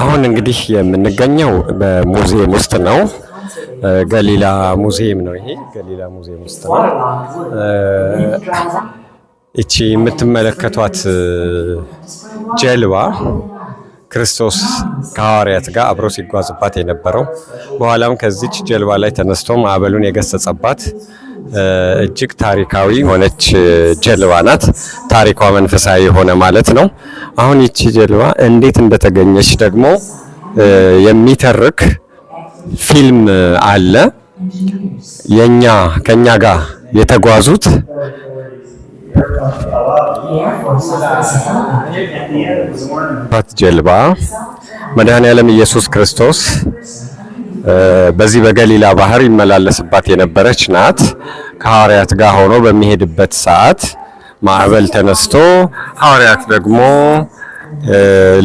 አሁን እንግዲህ የምንገኘው በሙዚየም ውስጥ ነው። ገሊላ ሙዚየም ነው። ይሄ ገሊላ ሙዚየም ውስጥ ነው። እቺ የምትመለከቷት ጀልባ ክርስቶስ ከሐዋርያት ጋር አብሮ ሲጓዝባት የነበረው በኋላም ከዚች ጀልባ ላይ ተነስቶ ማዕበሉን የገሰጸባት እጅግ ታሪካዊ የሆነች ጀልባ ናት። ታሪኳ መንፈሳዊ የሆነ ማለት ነው። አሁን ይቺ ጀልባ እንዴት እንደተገኘች ደግሞ የሚተርክ ፊልም አለ። የኛ ከኛ ጋር የተጓዙት ጀልባ መድኃኔ ዓለም ኢየሱስ ክርስቶስ በዚህ በገሊላ ባህር ይመላለስባት የነበረች ናት። ከሐዋርያት ጋር ሆኖ በሚሄድበት ሰዓት ማዕበል ተነስቶ ሐዋርያት ደግሞ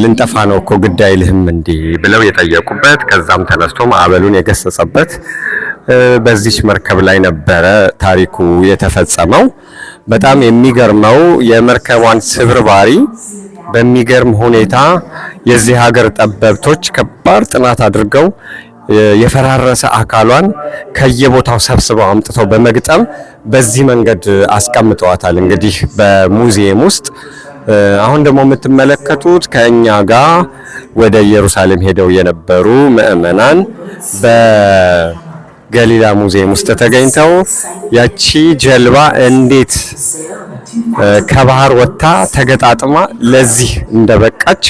ልንጠፋ ነው እኮ ግድ አይልህም እንዲህ ብለው የጠየቁበት ከዛም ተነስቶ ማዕበሉን የገሰጸበት በዚች መርከብ ላይ ነበረ ታሪኩ የተፈጸመው። በጣም የሚገርመው የመርከቧን ስብርባሪ በሚገርም ሁኔታ የዚህ ሀገር ጠበብቶች ከባድ ጥናት አድርገው የፈራረሰ አካሏን ከየቦታው ሰብስበው አምጥተው በመግጠም በዚህ መንገድ አስቀምጠዋታል። እንግዲህ በሙዚየም ውስጥ አሁን ደግሞ የምትመለከቱት ከእኛ ጋር ወደ ኢየሩሳሌም ሄደው የነበሩ ምዕመናን በገሊላ ሙዚየም ውስጥ ተገኝተው ያቺ ጀልባ እንዴት ከባህር ወጥታ ተገጣጥማ ለዚህ እንደበቃች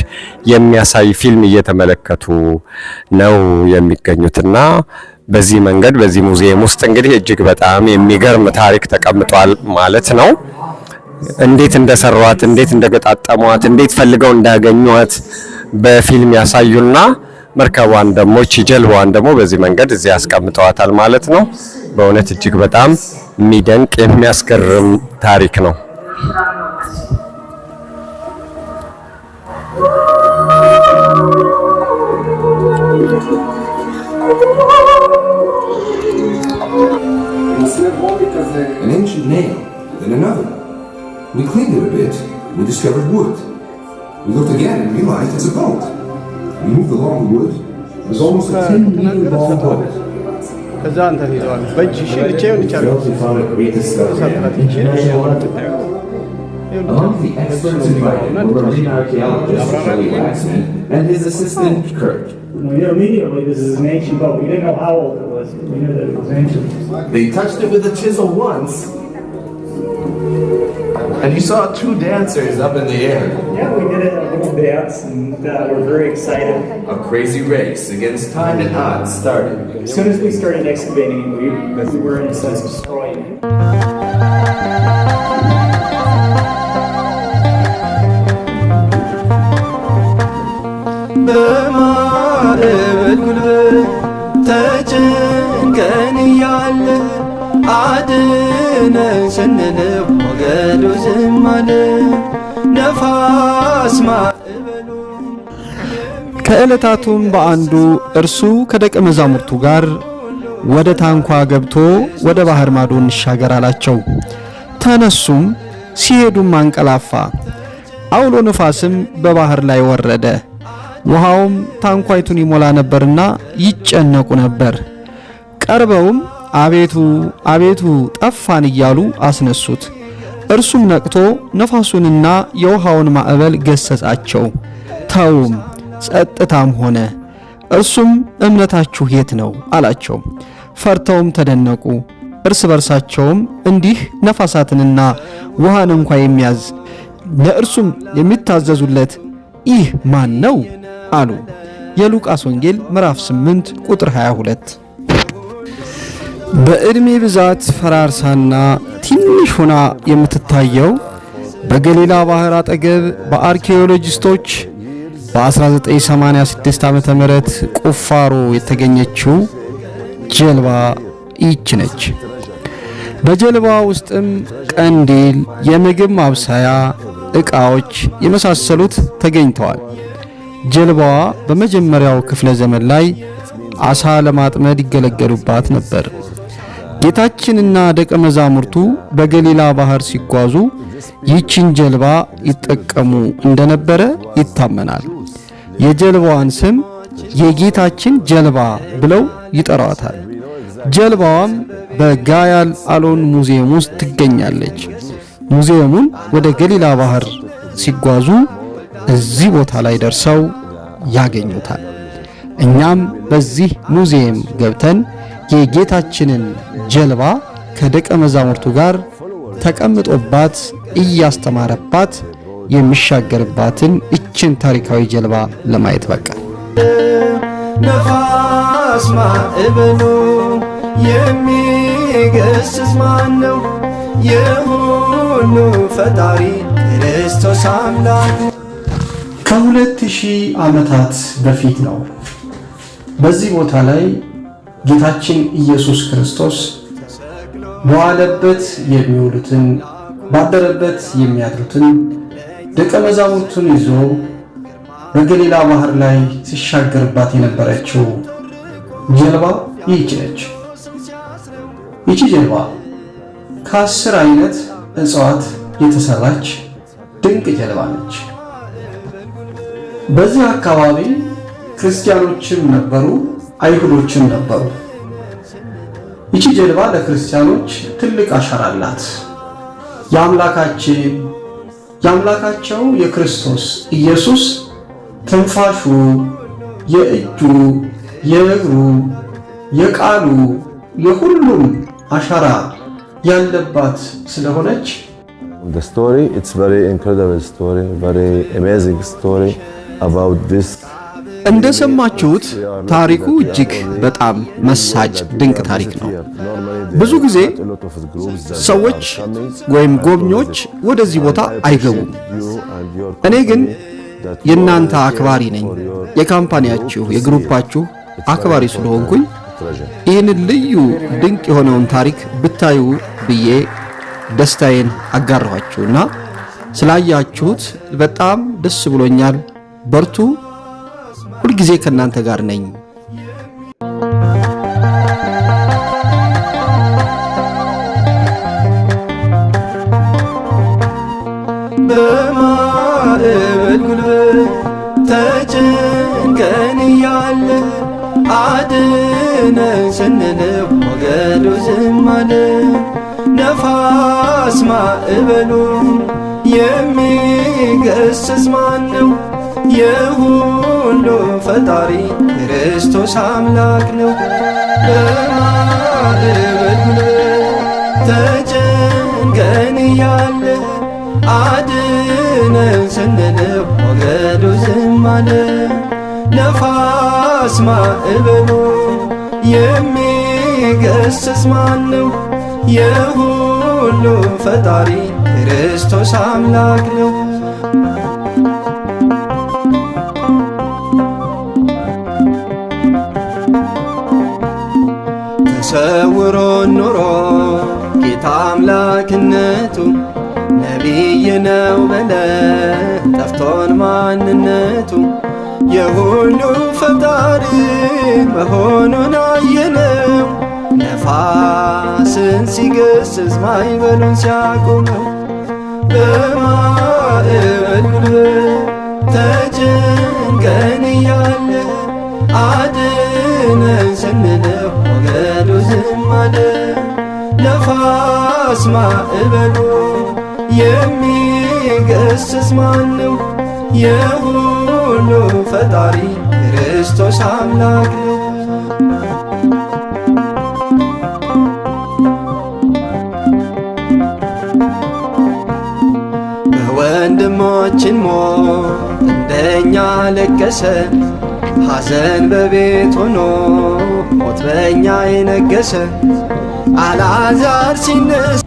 የሚያሳይ ፊልም እየተመለከቱ ነው የሚገኙትና በዚህ መንገድ በዚህ ሙዚየም ውስጥ እንግዲህ እጅግ በጣም የሚገርም ታሪክ ተቀምጧል ማለት ነው። እንዴት እንደሰሯት፣ እንዴት እንደገጣጠሟት፣ እንዴት ፈልገው እንዳገኟት በፊልም ያሳዩና መርከቧን ደግሞ እቺ ጀልባዋን ደግሞ በዚህ መንገድ እዚህ ያስቀምጠዋታል ማለት ነው። በእውነት እጅግ በጣም የሚደንቅ የሚያስገርም ታሪክ ነው። An ancient nail, then another. We cleaned it a bit. We discovered wood. We looked again and realized it's a boat. We moved along the wood. It was almost a 10 meter long boat. Among the experts invited were marine archaeologist Shelley Waxman and his assistant Kurt. We knew immediately this is an ancient boat. We didn't know how old it was, but we knew that it was ancient. They touched it with a chisel once, and you saw two dancers up in the air. Yeah, we did a little dance, and uh, we're very excited. A crazy race against time and odds started. As soon as we started excavating, we, we were in a sense destroyed. በማዕበል ጉልበት ተጨንቀን እያለ አድነን ስንለው ሞገዱ ዝም አለ ነፋስ ከዕለታቱም በአንዱ እርሱ ከደቀ መዛሙርቱ ጋር ወደ ታንኳ ገብቶ ወደ ባህር ማዶ እንሻገር አላቸው። ተነሱም ሲሄዱም አንቀላፋ፣ አውሎ ነፋስም በባህር ላይ ወረደ። ውሃውም ታንኳይቱን ይሞላ ነበርና ይጨነቁ ነበር። ቀርበውም አቤቱ አቤቱ ጠፋን እያሉ አስነሱት። እርሱም ነቅቶ ነፋሱንና የውሃውን ማዕበል ገሰጻቸው፣ ተውም፣ ጸጥታም ሆነ። እርሱም እምነታችሁ የት ነው አላቸው። ፈርተውም ተደነቁ። እርስ በርሳቸውም እንዲህ ነፋሳትንና ውሃን እንኳ የሚያዝ ለእርሱም የሚታዘዙለት ይህ ማን ነው አሉ። የሉቃስ ወንጌል ምዕራፍ 8 ቁጥር 22። በእድሜ ብዛት ፈራርሳና ትንሽ ሆና የምትታየው በገሊላ ባህር አጠገብ በአርኪኦሎጂስቶች በ1986 ዓመተ ምህረት ቁፋሮ የተገኘችው ጀልባ ይች ነች። በጀልባ ውስጥም ቀንዲል፣ የምግብ ማብሰያ ዕቃዎች የመሳሰሉት ተገኝተዋል። ጀልባዋ በመጀመሪያው ክፍለ ዘመን ላይ አሳ ለማጥመድ ይገለገሉባት ነበር። ጌታችንና ደቀ መዛሙርቱ በገሊላ ባህር ሲጓዙ ይህችን ጀልባ ይጠቀሙ እንደነበረ ይታመናል። የጀልባዋን ስም የጌታችን ጀልባ ብለው ይጠሯታል። ጀልባዋም በጋያል አሎን ሙዚየም ውስጥ ትገኛለች። ሙዚየሙን ወደ ገሊላ ባህር ሲጓዙ እዚህ ቦታ ላይ ደርሰው ያገኙታል። እኛም በዚህ ሙዚየም ገብተን የጌታችንን ጀልባ ከደቀ መዛሙርቱ ጋር ተቀምጦባት እያስተማረባት የሚሻገርባትን እችን ታሪካዊ ጀልባ ለማየት በቃ ነፋስ ማዕበሉ የሚገስጽ ማን ነው? ሁሉ ፈጣሪ ክርስቶስ አምላክ ከሁለት ሺህ ዓመታት በፊት ነው። በዚህ ቦታ ላይ ጌታችን ኢየሱስ ክርስቶስ በዋለበት የሚውሉትን ባደረበት የሚያድሩትን ደቀ መዛሙርቱን ይዞ በገሊላ ባህር ላይ ሲሻገርባት የነበረችው ጀልባ ይህች ነች። ይቺ ጀልባ ከአስር አይነት እጽዋት የተሰራች ድንቅ ጀልባ ነች። በዚህ አካባቢ ክርስቲያኖችም ነበሩ፣ አይሁዶችም ነበሩ። ይቺ ጀልባ ለክርስቲያኖች ትልቅ አሻራ አላት። የአምላካችን የአምላካቸው የክርስቶስ ኢየሱስ ትንፋሹ፣ የእጁ፣ የእግሩ፣ የቃሉ የሁሉም አሻራ ያለባት ስለሆነች እንደሰማችሁት ታሪኩ እጅግ በጣም መሳጭ ድንቅ ታሪክ ነው። ብዙ ጊዜ ሰዎች ወይም ጎብኚዎች ወደዚህ ቦታ አይገቡም። እኔ ግን የእናንተ አክባሪ ነኝ። የካምፓኒያችሁ የግሩፓችሁ አክባሪ ስለሆንኩኝ ይህንን ልዩ ድንቅ የሆነውን ታሪክ ብታዩ ብዬ ደስታዬን አጋራኋችሁና ስላያችሁት በጣም ደስ ብሎኛል። በርቱ፣ ሁልጊዜ ከእናንተ ጋር ነኝ። በማዕበል ጉልበት ተጨንቀን እያለ አድነን አስማ እበሉ የሚገስስ ማን ነው? የሁሉ ፈጣሪ ክርስቶስ አምላክ ነው። በማዕበል ተጨንቀን እያለ አድነን ስንለው ሞገዱ ዝም አለ። ነፋስ ማዕበሉ የሚገስጽ ማን ነው? ሁሉ ፈጣሪ ክርስቶስ አምላክ ነው። ተሰውሮ ኑሮ ጌታ አምላክነቱ ነቢይ ነው በለ ጠፍቶን ማንነቱ የሁሉ ፈጣሪ መሆኑን አየነው። ነፋስን ሲገስጽ ማዕበሉን ሲያቆም በማዕበል ጉልበት ተጨንቀን እያለ አድነን ስንል ሞገዱ ዝም አለ። ነፋስ ማዕበሉ የሚገስጽ ማን የሁሉ ፈጣሪ ክርስቶስ አምላክ የወንድማችን ሞት እንደኛ ለቀሰ ሐዘን በቤት ሆኖ ሞት በእኛ የነገሰ አላዛር ሲነስ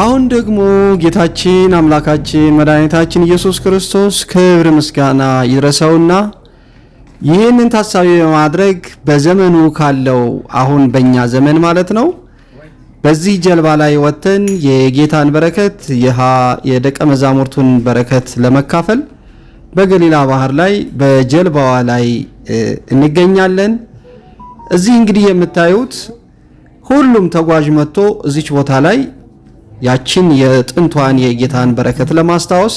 አሁን ደግሞ ጌታችን አምላካችን መድኃኒታችን ኢየሱስ ክርስቶስ ክብር ምስጋና ይድረሰውና ይህንን ታሳቢ በማድረግ በዘመኑ ካለው አሁን በእኛ ዘመን ማለት ነው በዚህ ጀልባ ላይ ወጥተን የጌታን በረከት የደቀ መዛሙርቱን በረከት ለመካፈል በገሊላ ባህር ላይ በጀልባዋ ላይ እንገኛለን። እዚህ እንግዲህ የምታዩት ሁሉም ተጓዥ መጥቶ እዚች ቦታ ላይ ያችን የጥንቷን የጌታን በረከት ለማስታወስ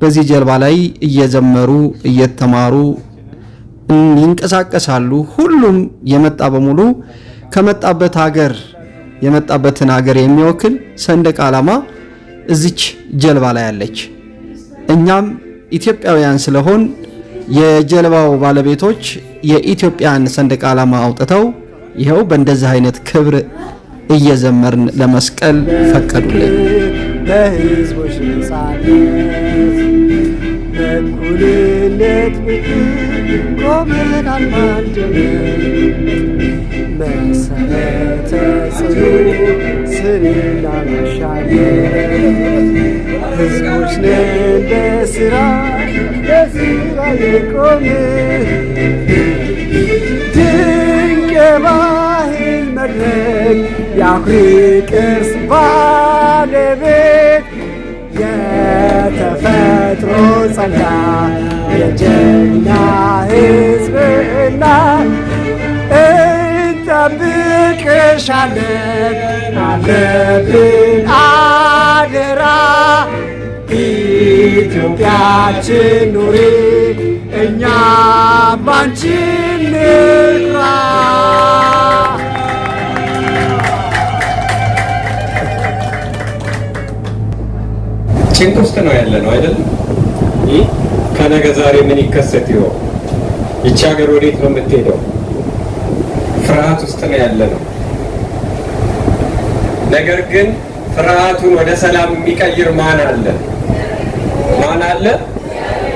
በዚህ ጀልባ ላይ እየዘመሩ እየተማሩ ይንቀሳቀሳሉ። ሁሉም የመጣ በሙሉ ከመጣበት ሀገር የመጣበትን ሀገር የሚወክል ሰንደቅ ዓላማ እዚች ጀልባ ላይ አለች። እኛም ኢትዮጵያውያን ስለሆን የጀልባው ባለቤቶች የኢትዮጵያን ሰንደቅ ዓላማ አውጥተው ይኸው በእንደዚህ አይነት ክብር እየዘመርን ለመስቀል ፈቀዱልን። በእኩልነት ቆመን መሰረተ ጽኑ ስንና መሻገር ሕዝቦች ነን ለስራ ለስራ የቆምን ድንቅ የባህል መድረክ የአኩሪ ቅርስ ባለቤት የተፈጥሮ ጸጋ የጀግና ሕዝብና እንጠብቅሻለን አለብን አደራ ኢትዮጵያችን ኑሪ እኛም ባንቺን ጭንቅ ውስጥ ነው ያለ ነው አይደለም ከነገ ዛሬ ምን ይከሰት ይሆን ይቺ ሀገር ወዴት ነው የምትሄደው ፍርሃት ውስጥ ነው ያለ ነው። ነገር ግን ፍርሃቱን ወደ ሰላም የሚቀይር ማን አለ? ማን አለ?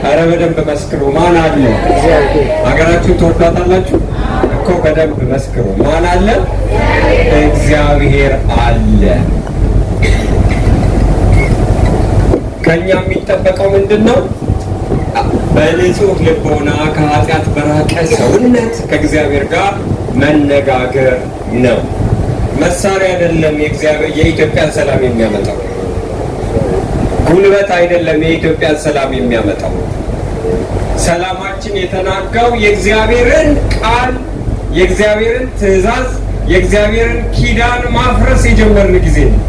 አረ በደንብ መስክሩ። ማን አለ? ሀገራችሁን ትወዷታላችሁ እኮ በደንብ መስክሩ። ማን አለ? እግዚአብሔር አለ። ከእኛ የሚጠበቀው ምንድን ነው? በንጹህ ልቦና ከኃጢአት በራቀ ሰውነት ከእግዚአብሔር ጋር መነጋገር ነው። መሳሪያ አይደለም የኢትዮጵያን ሰላም የሚያመጣው ጉልበት አይደለም የኢትዮጵያን ሰላም የሚያመጣው። ሰላማችን የተናጋው የእግዚአብሔርን ቃል የእግዚአብሔርን ትእዛዝ የእግዚአብሔርን ኪዳን ማፍረስ የጀመርን ጊዜ ነው።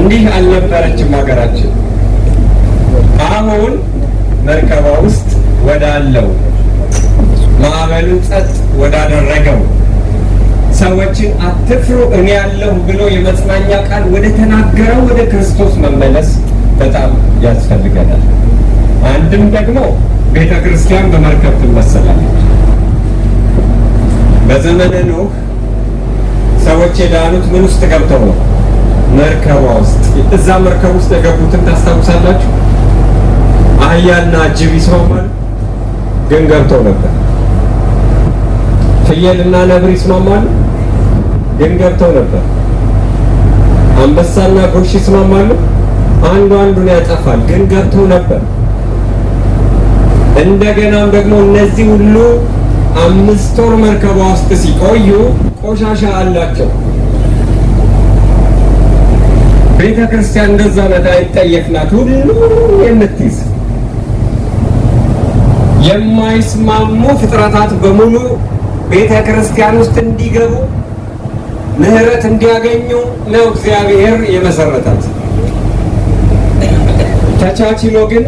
እንዲህ አልነበረችም ሀገራችን። አሁን መርከባ ውስጥ ወዳለው ማዕበሉን ጸጥ ወዳደረገው ሰዎችን አትፍሩ እኔ ያለሁ ብሎ የመጽናኛ ቃል ወደ ተናገረው ወደ ክርስቶስ መመለስ በጣም ያስፈልገናል። አንድም ደግሞ ቤተ ክርስቲያን በመርከብ ትመሰላለች። በዘመነ ኖህ ሰዎች የዳኑት ምን ውስጥ ገብተው ነው? መርከቧ ውስጥ። እዛ መርከብ ውስጥ የገቡትን ታስታውሳላችሁ? አህያና ጅብ ይስማማል፣ ግን ገብተው ነበር። ፍየልና ነብር ይስማማሉ? ግን ገብተው ነበር። አንበሳና ጎሽ ይስማማሉ? አንዱ አንዱን ያጠፋል። ግን ገብተው ነበር። እንደገናም ደግሞ እነዚህ ሁሉ አምስት ወር መርከቧ ውስጥ ሲቆዩ ቆሻሻ አላቸው። ቤተ ክርስቲያን እንደዛ ነዳ ይጠየቅናት ሁሉ የምትይዝ የማይስማሙ ፍጥረታት በሙሉ ቤተ ክርስቲያን ውስጥ እንዲገቡ ምሕረት እንዲያገኙ ነው እግዚአብሔር የመሰረታት። ተቻችሎ ግን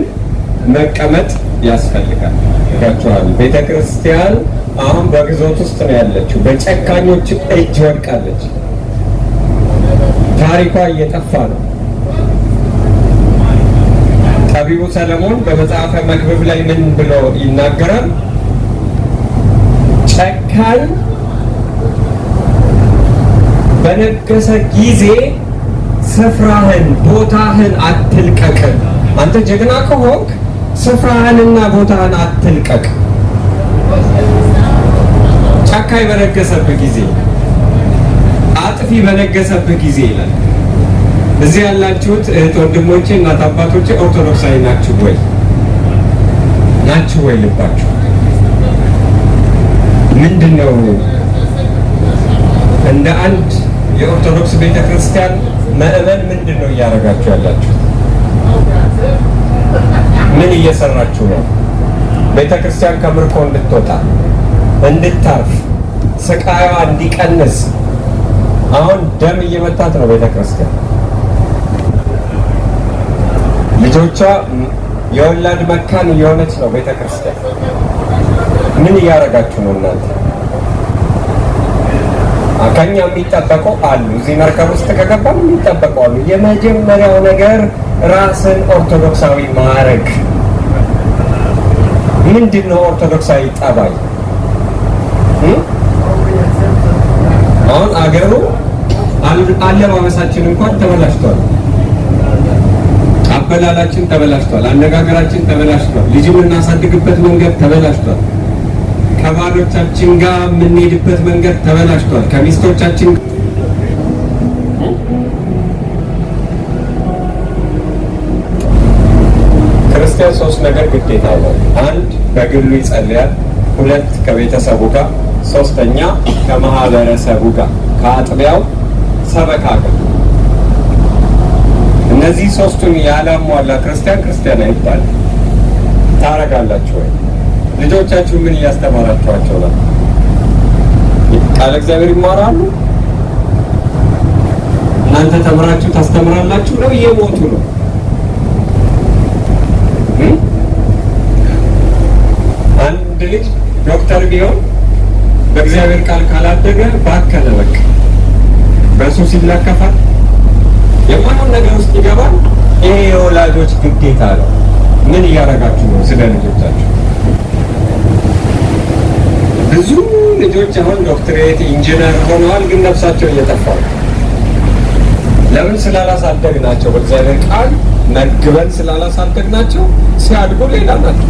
መቀመጥ ያስፈልጋል። ቸዋል ቤተ ክርስቲያን አሁን በግዞት ውስጥ ነው ያለችው። በጨካኞች እጅ ወድቃለች። ታሪኳ እየጠፋ ነው። ጠቢቡ ሰለሞን በመጽሐፈ መክብብ ላይ ምን ብሎ ይናገራል? ጨካኝ በነገሰ ጊዜ ስፍራህን ቦታህን አትልቀቅ። አንተ ጀግና ከሆንክ ስፍራህንና ቦታህን አትልቀቅ። ጨካኝ በነገሰብህ ጊዜ፣ አጥፊ በነገሰብህ ጊዜ ይላል። እዚህ ያላችሁት እህት ወንድሞቼ፣ እናት አባቶቼ ኦርቶዶክሳዊ ናችሁ ወይ ናችሁ ወይ ልባችሁ ምንድን ነው እንደ አንድ የኦርቶዶክስ ቤተ ክርስቲያን ምዕመን ምንድን ነው እያደረጋችሁ ያላችሁ? ምን እየሰራችሁ ነው? ቤተ ክርስቲያን ከምርኮ እንድትወጣ እንድታርፍ፣ ስቃዩዋ እንዲቀንስ አሁን ደም እየመታት ነው ቤተ ክርስቲያን። ልጆቿ የወላድ መካን እየሆነች ነው ቤተ ክርስቲያን። ምን እያደረጋችሁ ነው እናንተ? ከኛ የሚጠበቀው አሉ። እዚህ መርከብ ውስጥ ከገባ የሚጠበቀው አሉ። የመጀመሪያው ነገር ራስን ኦርቶዶክሳዊ ማድረግ። ምንድን ነው ኦርቶዶክሳዊ ጠባይ? አሁን አገሩ አለባበሳችን እንኳን ተበላሽቷል። አበላላችን ተበላሽቷል። አነጋገራችን ተበላሽቷል። ልጅ የምናሳድግበት መንገድ ተበላሽቷል። ከባሎቻችን ጋር የምንሄድበት መንገድ ተበላሽቷል። ከሚስቶቻችን ክርስቲያን ሶስት ነገር ግዴታ ነው። አንድ በግሉ ይጸልያል፣ ሁለት ከቤተሰቡ ጋር፣ ሶስተኛ ከማህበረሰቡ ጋር ከአጥቢያው ሰበካ ጋር። እነዚህ ሶስቱን ያላሟላ ክርስቲያን ክርስቲያን አይባልም። ታረጋላችሁ ወይ? ልጆቻችሁ ምን እያስተማራችኋቸው ነው? ቃለ እግዚአብሔር ይማራሉ? እናንተ ተምራችሁ ታስተምራላችሁ ነው? እየሞቱ ነው። አንድ ልጅ ዶክተር ቢሆን በእግዚአብሔር ቃል ካላደገ ባከለ። በቃ በሱስ ይለከፋል፣ የማንም ነገር ውስጥ ይገባል። ይሄ የወላጆች ግዴታ ነው። ምን እያደረጋችሁ ነው ስለ ልጆቻችሁ? ብዙ ልጆች አሁን ዶክትሬት ኢንጂነር ሆነዋል፣ ግን ነፍሳቸው እየጠፋ ለምን? ስላላሳደግ ናቸው። በእግዚአብሔር ቃል መግበን ስላላሳደግ ናቸው። ሲያድጉ ሌላ ናቸው።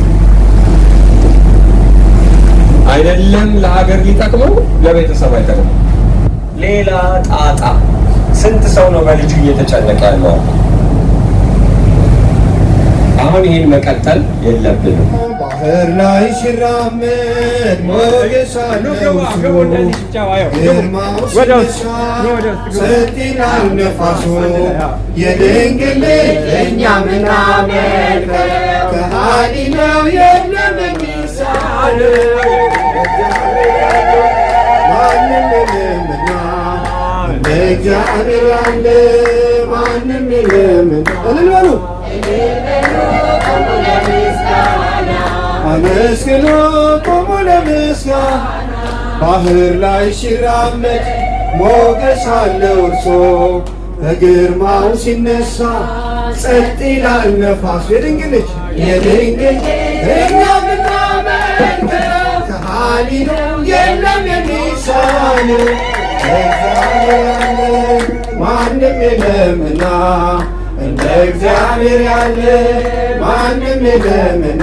አይደለም ለሀገር ሊጠቅመው ለቤተሰብ አይጠቅመው ሌላ ጣጣ። ስንት ሰው ነው በልጁ እየተጨነቀ ያለው? አሁን ይህን መቀጠል የለብንም። ባህር ላይ ሲራመድ ሞገስ አለው ሰጢናል ነፋሶ የድንግል ልጅ እኛ ምናመልከው ከሃዲ ነው የለም የሚሳለው እግዚአብሔር ያለ ማንምልምና እልል በሉ አመስግኖ ቆሞ ለምስጋና ባህር ላይ ሲራመድ ሞገስ አለው እርሶ በግርማው ሲነሳ ጸጥ ይላል ነፋሱ። የድንግል ልጅ የድንግል እኛ ምናመልከው ከሃሊ ነው የለም የሚሳነው ማንም የለምና እንደ እግዚአብሔር ያለ ማንም የለምና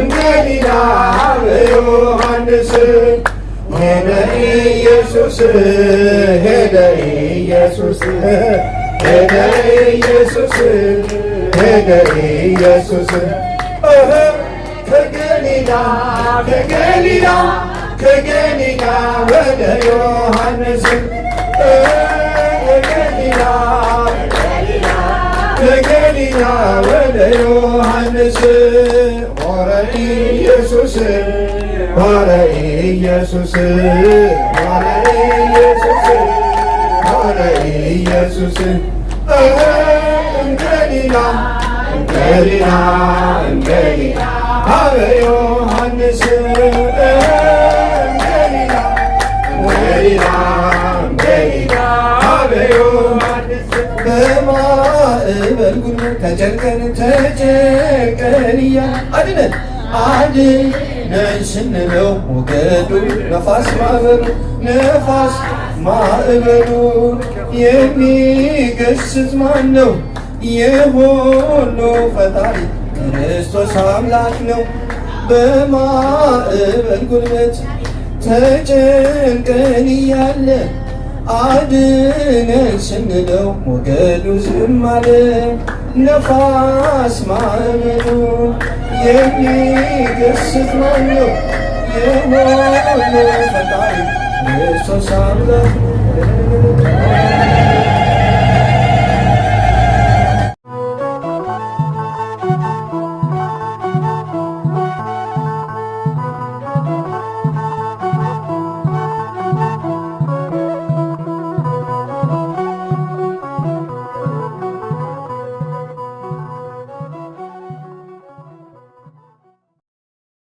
እነሊና በዮሐንስ ሄደ ኢየሱስ ሄደ ኢየሱስ ሄደ ኢየሱስ ሄደ ኢየሱስ ከገሊላ ከገሊላ ከገሊላ ወደ ዮሐንስ ከገሊላ ተገኒያ ወደ ዮሐንስ ኧረ ኢየሱስ ኧረ ኢየሱስ ኧረ ኢየሱስ ኧረ ኢየሱስ እንገሊላ እንገሊላ እንገሊላ አበ ዮሐንስ እንገሊላ እንገሊላ በልጉን ተጨንቀን ተጨንቀን እያ አድነን አድነን ስንለው ሞገዱ ነፋስ ማዕበሉ ነፋስ ማዕበሉ የሚገስት ማን ነው? የሆኖ ፈጣሪ ክርስቶስ አምላክ ነው። በማዕበል ጉልበት ተጨንቀን እያለ አድነ ስንለው ሞገዱ ዝም አለ ነፋስ ማዕበሉ የሚገስት ነው የሆነ ፈጣሪ ክርስቶስ አምላክ